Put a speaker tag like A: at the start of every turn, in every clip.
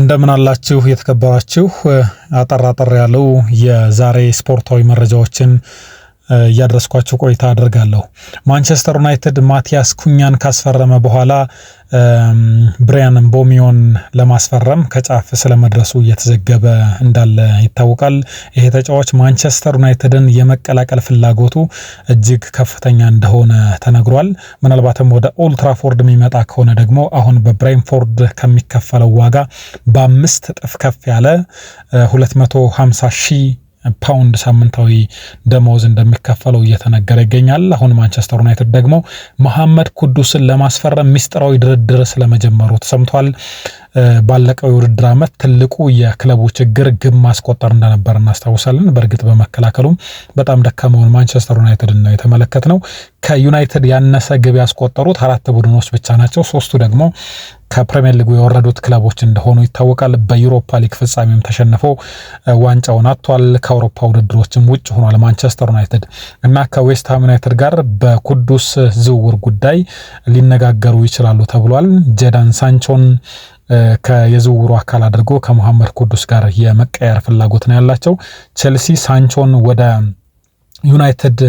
A: እንደምን አላችሁ የተከበራችሁ አጠር አጠር ያለው የዛሬ ስፖርታዊ መረጃዎችን እያደረስኳቸው ቆይታ አድርጋለሁ። ማንቸስተር ዩናይትድ ማቲያስ ኩኛን ካስፈረመ በኋላ ብሪያን ቦሚዮን ለማስፈረም ከጫፍ ስለመድረሱ እየተዘገበ እንዳለ ይታወቃል። ይሄ ተጫዋች ማንቸስተር ዩናይትድን የመቀላቀል ፍላጎቱ እጅግ ከፍተኛ እንደሆነ ተነግሯል። ምናልባትም ወደ ኦልትራፎርድ የሚመጣ ከሆነ ደግሞ አሁን በብሬንፎርድ ከሚከፈለው ዋጋ በአምስት እጥፍ ከፍ ያለ 250 ሺህ ፓውንድ ሳምንታዊ ደመወዝ እንደሚከፈለው እየተነገረ ይገኛል። አሁን ማንቸስተር ዩናይትድ ደግሞ መሐመድ ኩዱስን ለማስፈረም ሚስጥራዊ ድርድር ስለመጀመሩ ተሰምቷል። ባለቀው የውድድር ዓመት ትልቁ የክለቡ ችግር ግብ ማስቆጠር እንደነበር እናስታውሳለን። በእርግጥ በመከላከሉም በጣም ደካማውን ማንቸስተር ዩናይትድን ነው የተመለከትነው። ከዩናይትድ ያነሰ ግብ ያስቆጠሩት አራት ቡድኖች ብቻ ናቸው። ሶስቱ ደግሞ ከፕሪምየር ሊጉ የወረዱት ክለቦች እንደሆኑ ይታወቃል። በዩሮፓ ሊግ ፍጻሜም ተሸንፎ ዋንጫውን አጥቷል። ከአውሮፓ ውድድሮችም ውጭ ሆኗል ማንቸስተር ዩናይትድ እና ከዌስትሃም ዩናይትድ ጋር በኩዱስ ዝውውር ጉዳይ ሊነጋገሩ ይችላሉ ተብሏል። ጀዳን ሳንቾን የዝውውሩ አካል አድርጎ ከመሐመድ ኩዱስ ጋር የመቀየር ፍላጎት ነው ያላቸው። ቼልሲ ሳንቾን ወደ ዩናይትድ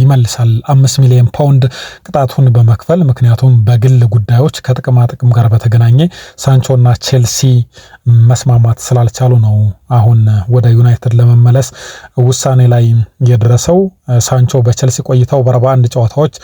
A: ይመልሳል አምስት ሚሊዮን ፓውንድ ቅጣቱን በመክፈል ምክንያቱም በግል ጉዳዮች ከጥቅማ ጥቅም ጋር በተገናኘ ሳንቾና ቼልሲ መስማማት ስላልቻሉ ነው አሁን ወደ ዩናይትድ ለመመለስ ውሳኔ ላይ የደረሰው ሳንቾ በቸልሲ ቆይታው በ41 ጨዋታዎች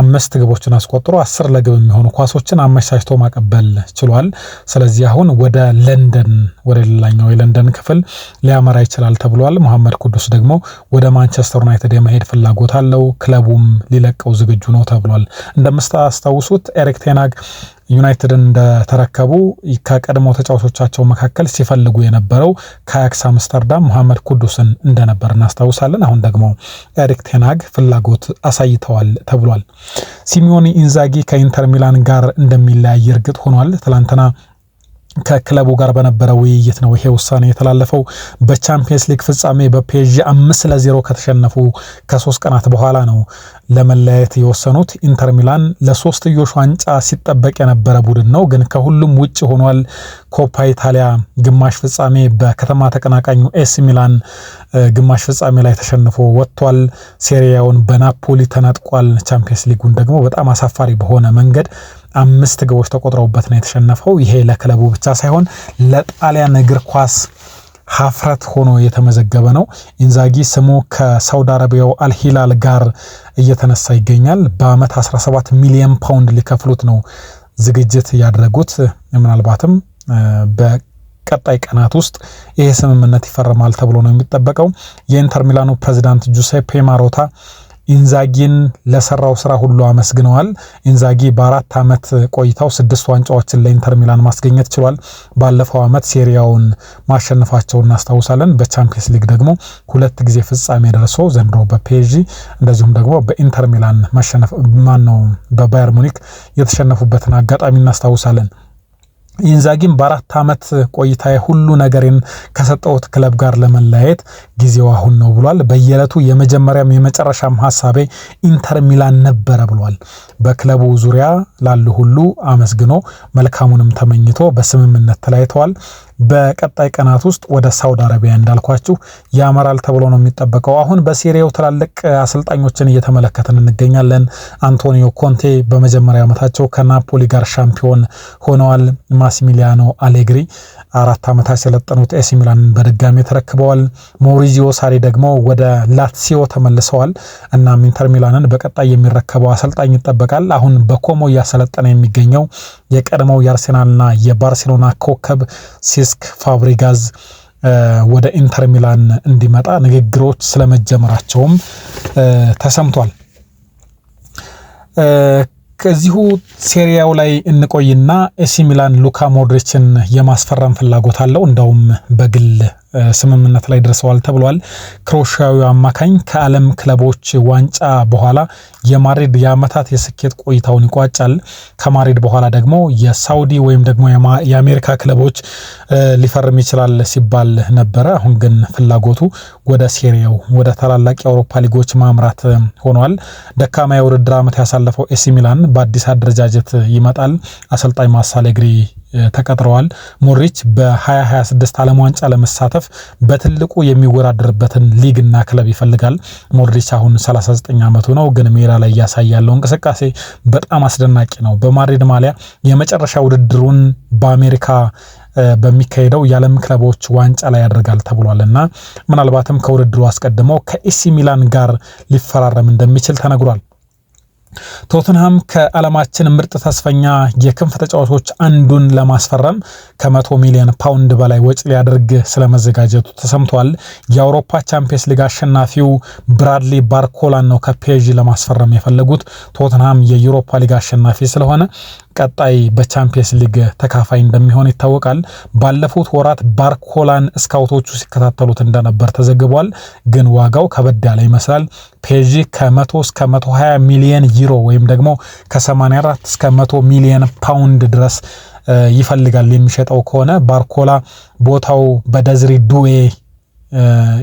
A: አምስት ግቦችን አስቆጥሮ አስር ለግብ የሚሆኑ ኳሶችን አመቻችቶ ማቀበል ችሏል። ስለዚህ አሁን ወደ ለንደን ወደ ሌላኛው የለንደን ክፍል ሊያመራ ይችላል ተብሏል። መሐመድ ቅዱስ ደግሞ ወደ ማንቸስተር ዩናይትድ የመሄድ ፍላጎት አለው። ክለቡም ሊለቀው ዝግጁ ነው ተብሏል። እንደምታስታውሱት ኤሪክ ቴናግ ዩናይትድን እንደተረከቡ ከቀድሞ ተጫዋቾቻቸው መካከል ሲፈልጉ የነበረው ከአያክስ አምስተርዳም መሐመድ ኩዱስን እንደነበር እናስታውሳለን። አሁን ደግሞ ኤሪክ ቴናግ ፍላጎት አሳይተዋል ተብሏል። ሲሚዮኒ ኢንዛጊ ከኢንተር ሚላን ጋር እንደሚለያይ እርግጥ ሆኗል። ትላንትና ከክለቡ ጋር በነበረ ውይይት ነው ይሄ ውሳኔ የተላለፈው። በቻምፒየንስ ሊግ ፍጻሜ በፔዥ አምስት ለዜሮ ከተሸነፉ ከሶስት ቀናት በኋላ ነው ለመለያየት የወሰኑት። ኢንተር ሚላን ለሶስትዮሽ ዋንጫ ሲጠበቅ የነበረ ቡድን ነው፣ ግን ከሁሉም ውጭ ሆኗል። ኮፓ ኢታሊያ ግማሽ ፍጻሜ በከተማ ተቀናቃኙ ኤስ ሚላን ግማሽ ፍጻሜ ላይ ተሸንፎ ወጥቷል። ሴሪያውን በናፖሊ ተነጥቋል። ቻምፒየንስ ሊጉን ደግሞ በጣም አሳፋሪ በሆነ መንገድ አምስት ግቦች ተቆጥረውበት ነው የተሸነፈው። ይሄ ለክለቡ ብቻ ሳይሆን ለጣሊያን እግር ኳስ ሀፍረት ሆኖ የተመዘገበ ነው። ኢንዛጊ ስሙ ከሳውዲ አረቢያው አልሂላል ጋር እየተነሳ ይገኛል። በአመት 17 ሚሊዮን ፓውንድ ሊከፍሉት ነው ዝግጅት ያደረጉት። ምናልባትም በቀጣይ ቀናት ውስጥ ይሄ ስምምነት ይፈረማል ተብሎ ነው የሚጠበቀው። የኢንተር ሚላኑ ፕሬዚዳንት ጁሴፔ ማሮታ ኢንዛጊን ለሰራው ስራ ሁሉ አመስግነዋል። ኢንዛጊ በአራት ዓመት ቆይታው ስድስት ዋንጫዎችን ለኢንተር ሚላን ማስገኘት ችሏል። ባለፈው ዓመት ሴሪያውን ማሸነፋቸው እናስታውሳለን። በቻምፒየንስ ሊግ ደግሞ ሁለት ጊዜ ፍጻሜ ደርሶ ዘንድሮ በፔጂ እንደዚሁም ደግሞ በኢንተር ሚላን ማሸነፍ ማን ነው በባየር ሙኒክ የተሸነፉበትን አጋጣሚ እናስታውሳለን። ኢንዛጊም በአራት ዓመት ቆይታ ሁሉ ነገሬን ከሰጠሁት ክለብ ጋር ለመለያየት ጊዜው አሁን ነው ብሏል። በየዕለቱ የመጀመሪያም የመጨረሻም ሀሳቤ ኢንተር ሚላን ነበረ ብሏል። በክለቡ ዙሪያ ላሉ ሁሉ አመስግኖ መልካሙንም ተመኝቶ በስምምነት ተለያይተዋል። በቀጣይ ቀናት ውስጥ ወደ ሳውዲ አረቢያ እንዳልኳችሁ ያመራል ተብሎ ነው የሚጠበቀው። አሁን በሴሪያው ትላልቅ አሰልጣኞችን እየተመለከትን እንገኛለን። አንቶኒዮ ኮንቴ በመጀመሪያ ዓመታቸው ከናፖሊ ጋር ሻምፒዮን ሆነዋል። ማሲሚሊያኖ አሌግሪ አራት ዓመታት የሰለጠኑት ኤሲ ሚላንን በድጋሚ ተረክበዋል። ሞሪዚዮ ሳሪ ደግሞ ወደ ላትሲዮ ተመልሰዋል። እናም ኢንተር ሚላንን በቀጣይ የሚረከበው አሰልጣኝ ይጠበቃል። አሁን በኮሞ እያሰለጠነ የሚገኘው የቀድሞው የአርሴናልና የባርሴሎና ኮከብ ሴስክ ፋብሪጋዝ ወደ ኢንተር ሚላን እንዲመጣ ንግግሮች ስለመጀመራቸውም ተሰምቷል። ከዚሁ ሴሪያው ላይ እንቆይና ኤሲ ሚላን ሉካ ሞድሪችን የማስፈረም ፍላጎት አለው። እንዳውም በግል ስምምነት ላይ ደርሰዋል ተብሏል። ክሮሻዊ አማካኝ ከዓለም ክለቦች ዋንጫ በኋላ የማድሪድ የዓመታት የስኬት ቆይታውን ይቋጫል። ከማድሪድ በኋላ ደግሞ የሳውዲ ወይም ደግሞ የአሜሪካ ክለቦች ሊፈርም ይችላል ሲባል ነበረ። አሁን ግን ፍላጎቱ ወደ ሴሪያው ወደ ታላላቅ የአውሮፓ ሊጎች ማምራት ሆኗል። ደካማ የውድድር አመት ያሳለፈው ኤሲ ሚላን በአዲስ አደረጃጀት ይመጣል። አሰልጣኝ ማሳሌግሪ ተቀጥረዋል። ሞድሪች በ2026 ዓለም ዋንጫ ለመሳተፍ በትልቁ የሚወዳደርበትን ሊግና ክለብ ይፈልጋል። ሞድሪች አሁን 39 ዓመቱ ነው፣ ግን ሜዳ ላይ እያሳየ ያለው እንቅስቃሴ በጣም አስደናቂ ነው። በማድሪድ ማሊያ የመጨረሻ ውድድሩን በአሜሪካ በሚካሄደው የዓለም ክለቦች ዋንጫ ላይ ያደርጋል ተብሏል እና ምናልባትም ከውድድሩ አስቀድሞ ከኤሲ ሚላን ጋር ሊፈራረም እንደሚችል ተነግሯል። ቶተንሃም ከዓለማችን ምርጥ ተስፈኛ የክንፍ ተጫዋቾች አንዱን ለማስፈረም ከመቶ ሚሊዮን ፓውንድ በላይ ወጪ ሊያደርግ ስለመዘጋጀቱ ተሰምቷል። የአውሮፓ ቻምፒየንስ ሊግ አሸናፊው ብራድሊ ባርኮላን ነው ከፒኤጂ ለማስፈረም የፈለጉት። ቶተንሃም የዩሮፓ ሊግ አሸናፊ ስለሆነ ቀጣይ በቻምፒየንስ ሊግ ተካፋይ እንደሚሆን ይታወቃል። ባለፉት ወራት ባርኮላን ስካውቶቹ ሲከታተሉት እንደነበር ተዘግቧል። ግን ዋጋው ከበድ ያለ ይመስላል። ፔጂ ከ100 እስከ 120 ሚሊየን ዩሮ ወይም ደግሞ ከ84 እስከ 100 ሚሊየን ፓውንድ ድረስ ይፈልጋል የሚሸጠው ከሆነ ባርኮላ ቦታው በደዝሪ ዱዌ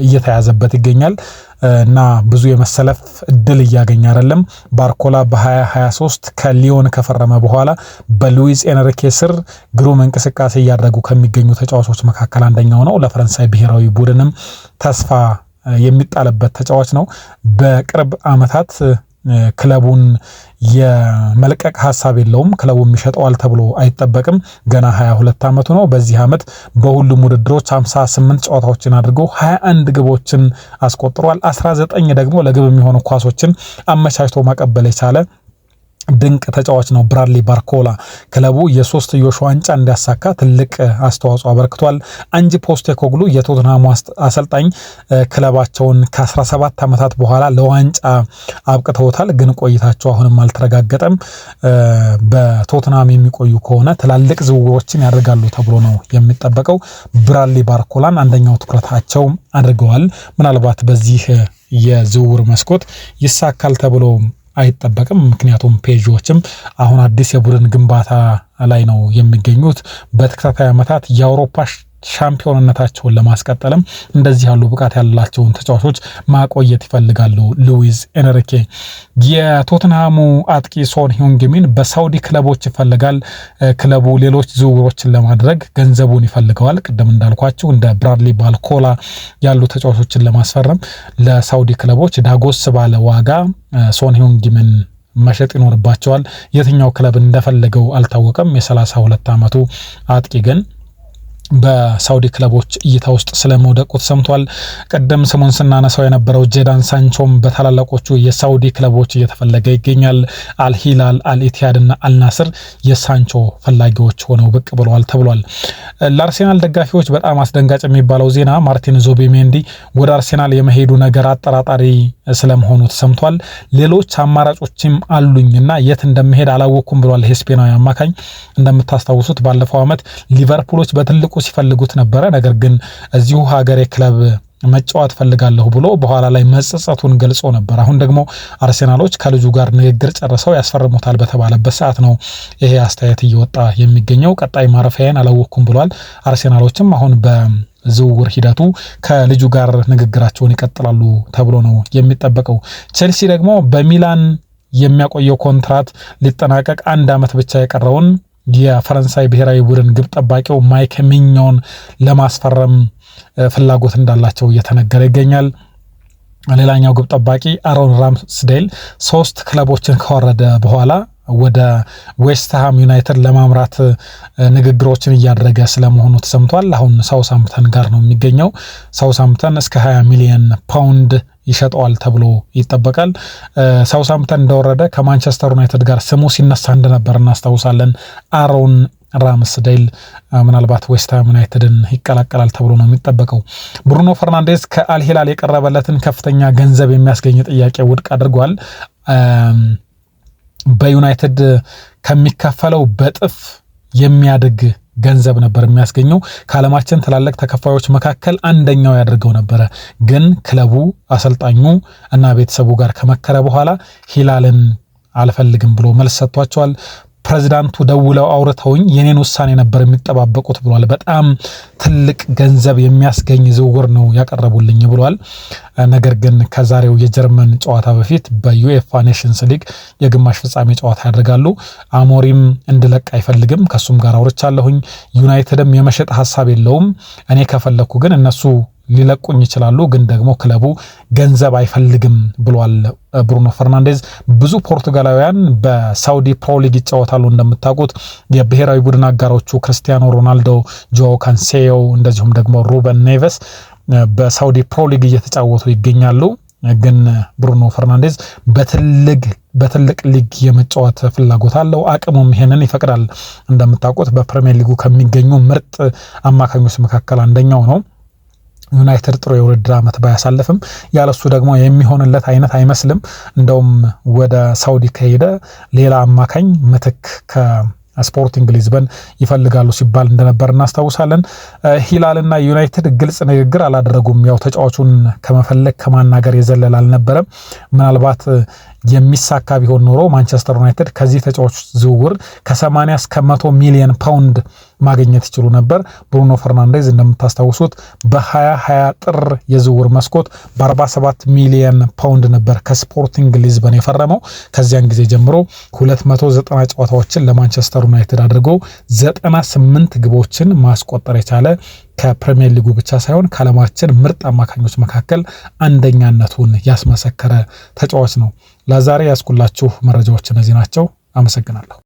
A: እየተያዘበት ይገኛል። እና ብዙ የመሰለፍ እድል እያገኘ አይደለም። ባርኮላ በ2023 ከሊዮን ከፈረመ በኋላ በሉዊዝ ኤንሪኬ ስር ግሩም እንቅስቃሴ እያደረጉ ከሚገኙ ተጫዋቾች መካከል አንደኛው ነው። ለፈረንሳይ ብሔራዊ ቡድንም ተስፋ የሚጣልበት ተጫዋች ነው። በቅርብ ዓመታት ክለቡን የመልቀቅ ሀሳብ የለውም። ክለቡ ይሸጠዋል ተብሎ አይጠበቅም። ገና 22 ዓመቱ ነው። በዚህ ዓመት በሁሉም ውድድሮች 58 ጨዋታዎችን አድርጎ 21 ግቦችን አስቆጥሯል። 19 ደግሞ ለግብ የሚሆኑ ኳሶችን አመቻችቶ ማቀበል የቻለ ድንቅ ተጫዋች ነው። ብራድሊ ባርኮላ ክለቡ የሶስትዮሽ ዋንጫ እንዲያሳካ ትልቅ አስተዋጽኦ አበርክቷል። አንጅ ፖስቴኮግሉ የቶትናሙ አሰልጣኝ ክለባቸውን ከ17 ዓመታት በኋላ ለዋንጫ አብቅተውታል፣ ግን ቆይታቸው አሁንም አልተረጋገጠም። በቶትናም የሚቆዩ ከሆነ ትላልቅ ዝውውሮችን ያደርጋሉ ተብሎ ነው የሚጠበቀው። ብራድሊ ባርኮላን አንደኛው ትኩረታቸው አድርገዋል። ምናልባት በዚህ የዝውውር መስኮት ይሳካል ተብሎ አይጠበቅም። ምክንያቱም ፔዥዎችም አሁን አዲስ የቡድን ግንባታ ላይ ነው የሚገኙት። በተከታታይ ዓመታት የአውሮፓ ሻምፒዮንነታቸውን ለማስቀጠልም እንደዚህ ያሉ ብቃት ያላቸውን ተጫዋቾች ማቆየት ይፈልጋሉ። ሉዊዝ ኤንሪኬ የቶትንሃሙ አጥቂ ሶን ሂንግሚን በሳውዲ ክለቦች ይፈልጋል። ክለቡ ሌሎች ዝውውሮችን ለማድረግ ገንዘቡን ይፈልገዋል። ቅድም እንዳልኳቸው እንደ ብራድሊ ባልኮላ ያሉ ተጫዋቾችን ለማስፈረም ለሳውዲ ክለቦች ዳጎስ ባለ ዋጋ ሶን ሂንግሚን መሸጥ ይኖርባቸዋል። የትኛው ክለብ እንደፈለገው አልታወቀም። የ32 ዓመቱ አጥቂ ግን በሳውዲ ክለቦች እይታ ውስጥ ስለመውደቁ ተሰምቷል። ቀደም ስሙን ስናነሳው የነበረው ጄዳን ሳንቾም በታላላቆቹ የሳውዲ ክለቦች እየተፈለገ ይገኛል። አልሂላል፣ አልኢትያድ እና አልናስር የሳንቾ ፈላጊዎች ሆነው ብቅ ብለዋል ተብሏል። ለአርሴናል ደጋፊዎች በጣም አስደንጋጭ የሚባለው ዜና ማርቲን ዙቢሜንዲ ወደ አርሴናል የመሄዱ ነገር አጠራጣሪ ስለመሆኑ ተሰምቷል። ሌሎች አማራጮችም አሉኝ እና የት እንደመሄድ አላወቅኩም ብሏል። ስፔናዊ አማካኝ እንደምታስታውሱት ባለፈው ዓመት ሊቨርፑሎች በትልቁ ሊለቁ ሲፈልጉት ነበረ። ነገር ግን እዚሁ ሀገሬ ክለብ መጫወት ፈልጋለሁ ብሎ በኋላ ላይ መጸጸቱን ገልጾ ነበር። አሁን ደግሞ አርሴናሎች ከልጁ ጋር ንግግር ጨርሰው ያስፈርሙታል በተባለበት ሰዓት ነው ይሄ አስተያየት እየወጣ የሚገኘው። ቀጣይ ማረፊያን አላወቅኩም ብሏል። አርሴናሎችም አሁን በዝውውር ሂደቱ ከልጁ ጋር ንግግራቸውን ይቀጥላሉ ተብሎ ነው የሚጠበቀው። ቼልሲ ደግሞ በሚላን የሚያቆየው ኮንትራት ሊጠናቀቅ አንድ ዓመት ብቻ የቀረውን የፈረንሳይ ብሔራዊ ቡድን ግብ ጠባቂው ማይክ ሚኞን ለማስፈረም ፍላጎት እንዳላቸው እየተነገረ ይገኛል። ሌላኛው ግብ ጠባቂ አሮን ራምስዴል ሶስት ክለቦችን ከወረደ በኋላ ወደ ዌስትሃም ዩናይትድ ለማምራት ንግግሮችን እያደረገ ስለመሆኑ ተሰምቷል። አሁን ሳውሳምተን ጋር ነው የሚገኘው። ሳውሳምተን እስከ 20 ሚሊዮን ፓውንድ ይሸጠዋል ተብሎ ይጠበቃል። ሳውሳምተን እንደወረደ ከማንቸስተር ዩናይትድ ጋር ስሙ ሲነሳ እንደነበር እናስታውሳለን። አሮን ራምስዴል ምናልባት ዌስትሃም ዩናይትድን ይቀላቀላል ተብሎ ነው የሚጠበቀው። ብሩኖ ፈርናንዴዝ ከአልሂላል የቀረበለትን ከፍተኛ ገንዘብ የሚያስገኝ ጥያቄ ውድቅ አድርጓል። በዩናይትድ ከሚከፈለው በጥፍ የሚያድግ ገንዘብ ነበር የሚያስገኘው። ከዓለማችን ትላልቅ ተከፋዮች መካከል አንደኛው ያደርገው ነበረ። ግን ክለቡ አሰልጣኙ እና ቤተሰቡ ጋር ከመከረ በኋላ ሂላልን አልፈልግም ብሎ መልስ ሰጥቷቸዋል። ፕሬዚዳንቱ ደውለው አውርተውኝ የኔን ውሳኔ ነበር የሚጠባበቁት ብሏል። በጣም ትልቅ ገንዘብ የሚያስገኝ ዝውውር ነው ያቀረቡልኝ ብሏል። ነገር ግን ከዛሬው የጀርመን ጨዋታ በፊት በዩኤፋ ኔሽንስ ሊግ የግማሽ ፍጻሜ ጨዋታ ያደርጋሉ። አሞሪም እንድለቅ አይፈልግም። ከሱም ጋር አውርቻለሁኝ። ዩናይትድም የመሸጥ ሀሳብ የለውም። እኔ ከፈለግኩ ግን እነሱ ሊለቁኝ ይችላሉ፣ ግን ደግሞ ክለቡ ገንዘብ አይፈልግም ብሏል ብሩኖ ፈርናንዴዝ። ብዙ ፖርቱጋላውያን በሳውዲ ፕሮ ሊግ ይጫወታሉ እንደምታውቁት። የብሔራዊ ቡድን አጋሮቹ ክርስቲያኖ ሮናልዶ፣ ጆ ካንሴዮ እንደዚሁም ደግሞ ሩበን ኔቨስ በሳውዲ ፕሮ ሊግ እየተጫወቱ ይገኛሉ። ግን ብሩኖ ፈርናንዴዝ በትልቅ በትልቅ ሊግ የመጫወት ፍላጎት አለው። አቅሙም ይሄንን ይፈቅዳል። እንደምታውቁት በፕሪሚየር ሊጉ ከሚገኙ ምርጥ አማካኞች መካከል አንደኛው ነው። ዩናይትድ ጥሩ የውድድር ዓመት ባያሳልፍም ያለሱ ደግሞ የሚሆንለት አይነት አይመስልም። እንደውም ወደ ሳውዲ ከሄደ ሌላ አማካኝ ምትክ ስፖርቲንግ ሊዝበን ይፈልጋሉ ሲባል እንደነበር እናስታውሳለን። ሂላልና ዩናይትድ ግልጽ ንግግር አላደረጉም። ያው ተጫዋቹን ከመፈለግ ከማናገር የዘለል አልነበረም። ምናልባት የሚሳካ ቢሆን ኖሮ ማንቸስተር ዩናይትድ ከዚህ ተጫዋች ዝውውር ከ80 እስከ 100 ሚሊዮን ፓውንድ ማግኘት ይችሉ ነበር። ብሩኖ ፈርናንዴዝ እንደምታስታውሱት በ2020 ጥር የዝውውር መስኮት በ47 ሚሊየን ፓውንድ ነበር ከስፖርቲንግ ሊዝበን የፈረመው። ከዚያን ጊዜ ጀምሮ 290 ጨዋታዎችን ለማንቸስተር ዩናይትድ አድርጎ 98 ግቦችን ማስቆጠር የቻለ ከፕሪሚየር ሊጉ ብቻ ሳይሆን ከዓለማችን ምርጥ አማካኞች መካከል አንደኛነቱን ያስመሰከረ ተጫዋች ነው። ለዛሬ ያስኩላችሁ መረጃዎች እነዚህ ናቸው። አመሰግናለሁ።